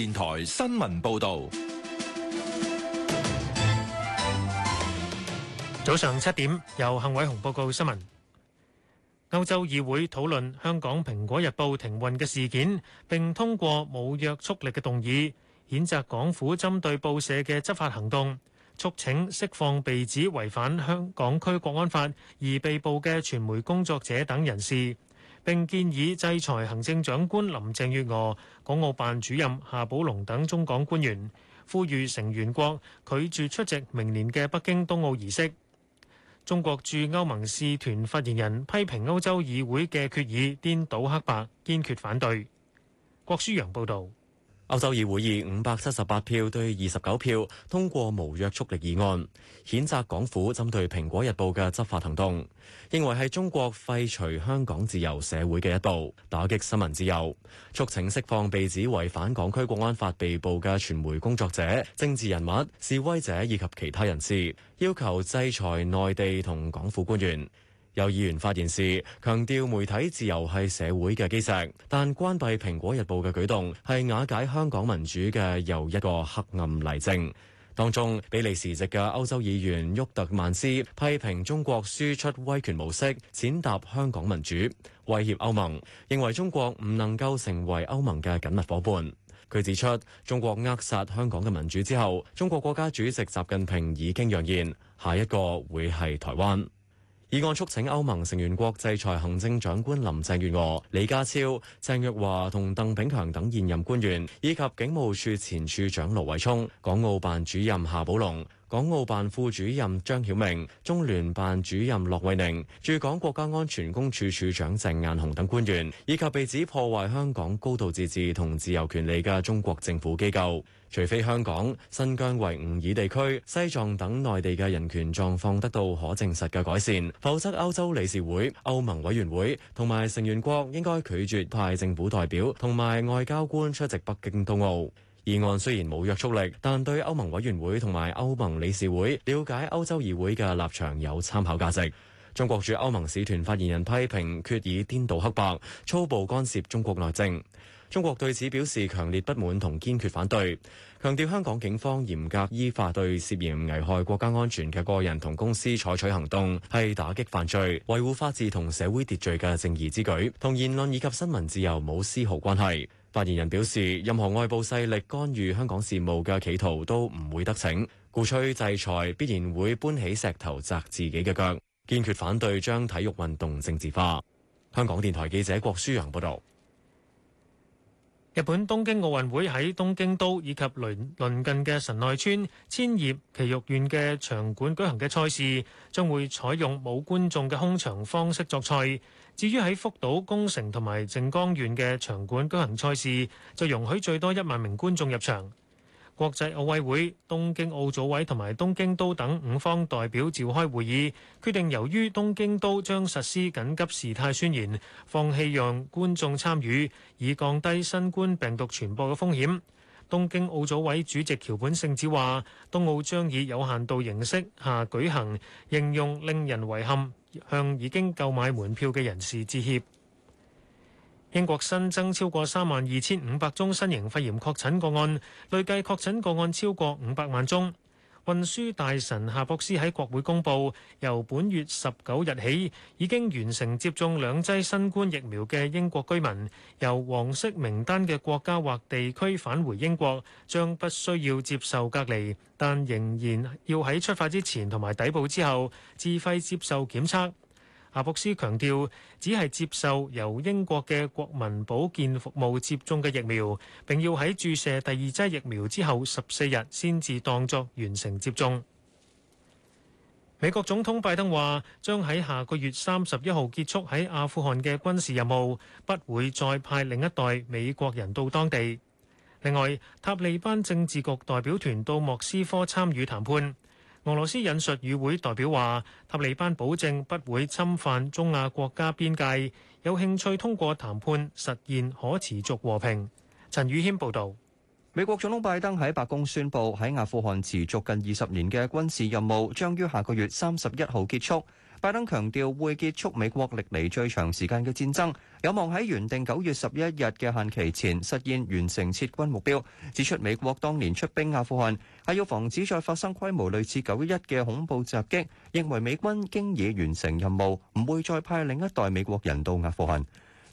電台新聞報道，早上七點由幸偉雄報告新聞。歐洲議會討論香港《蘋果日報》停運嘅事件，並通過冇約束力嘅動議，譴責港府針對報社嘅執法行動，促請釋放被指違反香港區國安法而被捕嘅傳媒工作者等人士。並建議制裁行政長官林鄭月娥、港澳辦主任夏寶龍等中港官員，呼籲成員國拒絕出席明年嘅北京冬奧儀式。中國駐歐盟使團發言人批評歐洲議會嘅決議顛倒黑白，堅決反對。郭舒陽報導。歐洲議會五百七十八票對二十九票通過無約束力議案，譴責港府針對《蘋果日報》嘅執法行動，認為係中國廢除香港自由社會嘅一步，打擊新聞自由，促請釋放被指違反港區國安法被捕嘅傳媒工作者、政治人物、示威者以及其他人士，要求制裁內地同港府官員。有議員發言時強調，媒體自由係社會嘅基石，但關閉《蘋果日報》嘅舉動係瓦解香港民主嘅又一個黑暗例證。當中比利時籍嘅歐洲議員沃特曼斯批評中國輸出威權模式，踐踏香港民主，威脅歐盟，認為中國唔能夠成為歐盟嘅緊密伙伴。佢指出，中國扼殺香港嘅民主之後，中國國家主席習近平已經揚言，下一個會係台灣。議案促請歐盟成員國制裁行政長官林鄭月娥、李家超、鄭若驊同鄧炳強等現任官員，以及警務處前處長盧偉聰、港澳辦主任夏寶龍、港澳辦副主任張曉明、中聯辦主任駱惠寧、駐港國家安全公署署長鄭雁雄等官員，以及被指破壞香港高度自治同自由權利嘅中國政府機構，除非香港、新疆維吾爾地區、西藏等內地嘅人權狀況得到可證實嘅改善，否則歐洲理事會、歐盟委員會同埋成員國應該拒絕派政府代表同埋外交官出席北京冬奧。議案雖然冇約束力，但對歐盟委員會同埋歐盟理事會了解歐洲議會嘅立場有參考價值。中國駐歐盟使團發言人批評，決議顛倒黑白、粗暴干涉中國內政。中國對此表示強烈不滿同堅決反對，強調香港警方嚴格依法對涉嫌危害國家安全嘅個人同公司採取行動，係打擊犯罪、維護法治同社會秩序嘅正義之舉，同言論以及新聞自由冇絲毫關係。發言人表示，任何外部勢力干預香港事務嘅企圖都唔會得逞，鼓吹制裁必然會搬起石頭砸自己嘅腳，堅決反對將體育運動政治化。香港電台記者郭舒揚報導。日本東京奧運會喺東京都以及鄰鄰近嘅神奈川、千葉、埼玉縣嘅場館舉行嘅賽事，將會採用冇觀眾嘅空場方式作賽。至於喺福島、宮城同埋靜岡縣嘅場館舉行賽事，就容許最多一萬名觀眾入場。國際奧委會、東京奧組委同埋東京都等五方代表召開會議，決定由於東京都將實施緊急事態宣言，放棄讓觀眾參與，以降低新冠病毒傳播嘅風險。東京奧組委主席橋本聖子話，東奧將以有限度形式下舉行，形容令人遺憾，向已經購買門票嘅人士致歉。英國新增超過三萬二千五百宗新型肺炎確診個案，累計確診個案超過五百萬宗。運輸大臣夏博斯喺國會公布，由本月十九日起，已經完成接種兩劑新冠疫苗嘅英國居民，由黃色名單嘅國家或地區返回英國，將不需要接受隔離，但仍然要喺出發之前同埋抵埗之後自費接受檢測。阿伯斯強調，只係接受由英國嘅國民保健服務接種嘅疫苗，並要喺注射第二劑疫苗之後十四日先至當作完成接種。美國總統拜登話，將喺下個月三十一號結束喺阿富汗嘅軍事任務，不會再派另一代美國人到當地。另外，塔利班政治局代表團到莫斯科參與談判。俄羅斯引述與會代表話：塔利班保證不會侵犯中亞國家邊界，有興趣通過談判實現可持續和平。陳宇軒報導。美國總統拜登喺白宮宣佈喺阿富汗持續近二十年嘅軍事任務將於下個月三十一號結束。拜登強調會結束美國歷嚟最長時間嘅戰爭，有望喺原定九月十一日嘅限期前實現完成撤軍目標，指出美國當年出兵阿富汗係要防止再發生規模類似九一嘅恐怖襲擊，認為美軍經已完成任務，唔會再派另一代美國人到阿富汗。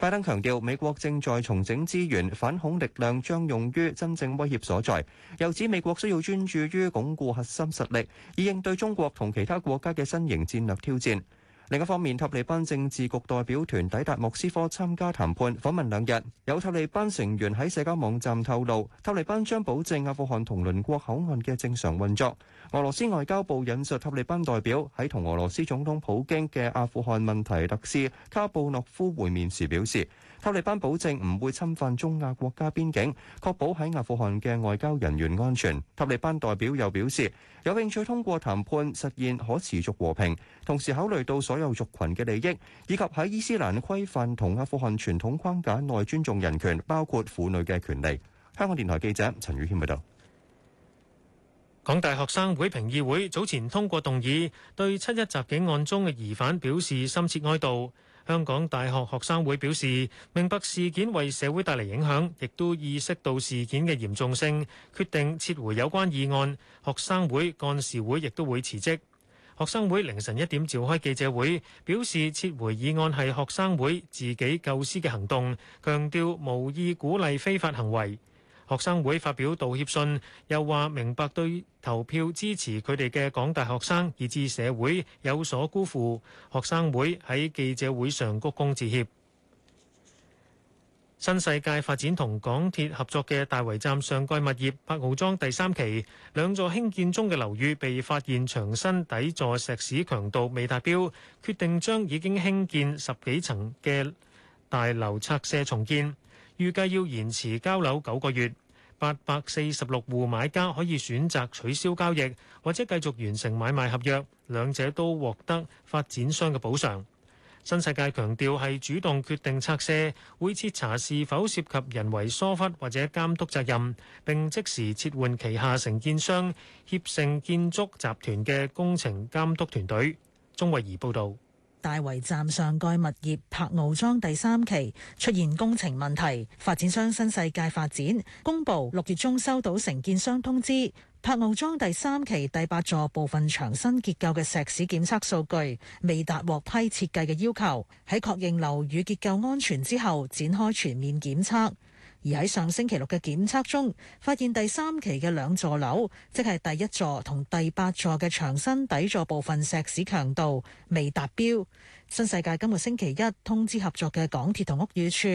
拜登強調，美國正在重整資源，反恐力量將用於真正威脅所在。又指美國需要專注於鞏固核心實力，以應對中國同其他國家嘅新型戰略挑戰。另一方面，塔利班政治局代表團抵達莫斯科參加談判，訪問兩日。有塔利班成員喺社交網站透露，塔利班將保證阿富汗同鄰國口岸嘅正常運作。俄羅斯外交部引述塔利班代表喺同俄羅斯總統普京嘅阿富汗問題特使卡布諾夫會面時表示，塔利班保證唔會侵犯中亞國家邊境，確保喺阿富汗嘅外交人員安全。塔利班代表又表示，有興趣通過談判實現可持續和平，同時考慮到所有族群嘅利益，以及喺伊斯蘭規範同阿富汗傳統框架內尊重人權，包括婦女嘅權利。香港電台記者陳宇謙報道。港大學生會評議會早前通過動議，對七一襲警案中嘅疑犯表示深切哀悼。香港大學學生會表示，明白事件為社會帶嚟影響，亦都意識到事件嘅嚴重性，決定撤回有關議案。學生會幹事會亦都會辭職。學生會凌晨一點召開記者會，表示撤回議案係學生會自己構思嘅行動，強調無意鼓勵非法行為。學生會發表道歉信，又話明白對投票支持佢哋嘅港大學生以至社會有所辜負。學生會喺記者會上鞠躬致歉。新世界發展同港鐵合作嘅大圍站上蓋物業柏傲莊第三期兩座興建中嘅樓宇被發現牆身底座石屎強度未達標，決定將已經興建十幾層嘅大樓拆卸重建，預計要延遲交樓九個月。八百四十六戶買家可以選擇取消交易，或者繼續完成買賣合約，兩者都獲得發展商嘅補償。新世界強調係主動決定拆卸，會徹查是否涉及人為疏忽或者監督責任，並即時撤換旗下承建商協盛建築集團嘅工程監督團隊。鍾慧儀報導，大圍站上蓋物業柏傲莊第三期出現工程問題，發展商新世界發展公佈六月中收到承建商通知。柏傲莊第三期第八座部分牆身結構嘅石屎檢測數據未達獲批設計嘅要求，喺確認樓宇結構安全之後，展開全面檢測。而喺上星期六嘅檢測中，發現第三期嘅兩座樓，即係第一座同第八座嘅牆身底座部分石屎強度未達標。新世界今個星期一通知合作嘅港鐵同屋宇署。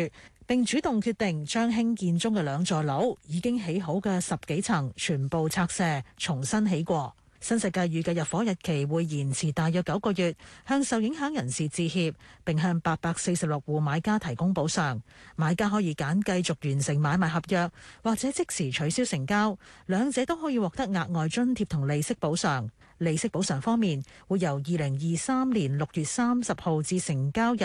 並主動決定將興建中嘅兩座樓已經起好嘅十幾層全部拆卸，重新起過。新世界預計入伙日期會延遲大約九個月，向受影響人士致歉，並向八百四十六戶買家提供補償。買家可以揀繼續完成買賣合約，或者即時取消成交，兩者都可以獲得額外津貼同利息補償。利息補償方面，會由二零二三年六月三十號至成交日，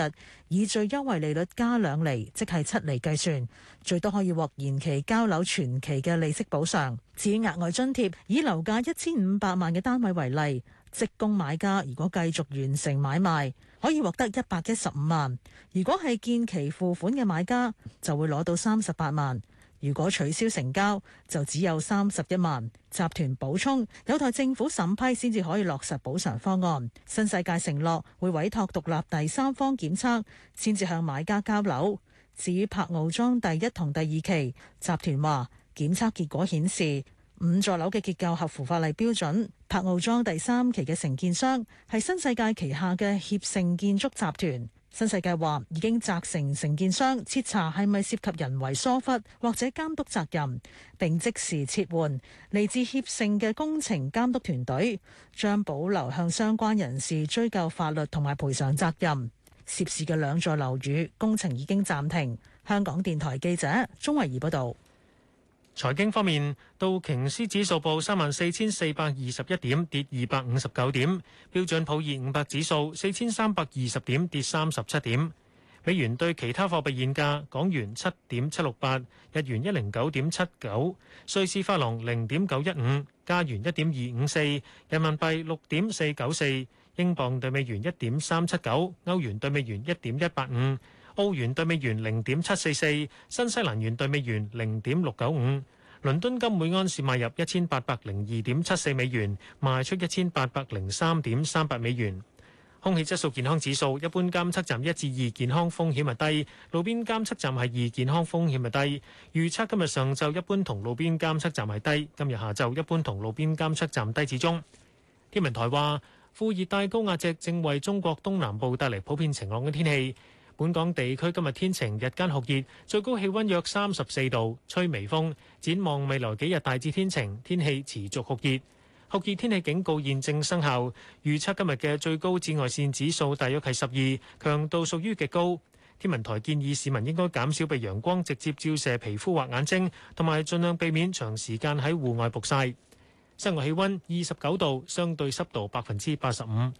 以最優惠利率加兩厘，即係七厘計算，最多可以獲延期交樓全期嘅利息補償。至於額外津貼，以樓價一千五百萬嘅單位為例，即供買家如果繼續完成買賣，可以獲得一百一十五萬；如果係建期付款嘅買家，就會攞到三十八萬。如果取消成交，就只有三十一萬。集團補充，有待政府審批先至可以落實補償方案。新世界承諾會委託獨立第三方檢測先至向買家交樓，至於柏傲莊第一同第二期，集團話檢測結果顯示五座樓嘅結構合符法例標準。柏傲莊第三期嘅承建商係新世界旗下嘅協盛建築集團。新世界話已經責成承建商徹查係咪涉及人為疏忽或者監督責任，並即時撤換嚟自協成嘅工程監督團隊，將保留向相關人士追究法律同埋賠償責任。涉事嘅兩座樓宇工程已經暫停。香港電台記者鍾維儀報道。財經方面，道瓊斯指數報三萬四千四百二十一點，跌二百五十九點；標準普爾五百指數四千三百二十點，跌三十七點。美元對其他貨幣現價：港元七點七六八，日元一零九點七九，瑞士法郎零點九一五，加元一點二五四，人民幣六點四九四，英鎊對美元一點三七九，歐元對美元一點一八五。澳元兌美元零點七四四，新西蘭元兌美元零點六九五。倫敦金每安士買入一千八百零二點七四美元，賣出一千八百零三點三百美元。空氣質素健康指數，一般監測站一至二健康風險係低，路邊監測站係二健康風險係低。預測今日上晝一般同路邊監測站係低，今日下晝一般同路邊監測站低至中。天文台話，副熱帶高壓脊正為中國東南部帶嚟普遍晴朗嘅天氣。本港地區今日天晴，日間酷熱，最高氣温約三十四度，吹微風。展望未來幾日，大致天晴，天氣持續酷熱。酷熱天氣警告現正生效，預測今日嘅最高紫外線指數大約係十二，強度屬於極高。天文台建議市民應該減少被陽光直接照射皮膚或眼睛，同埋盡量避免長時間喺戶外曝曬。室外氣温二十九度，相對濕度百分之八十五。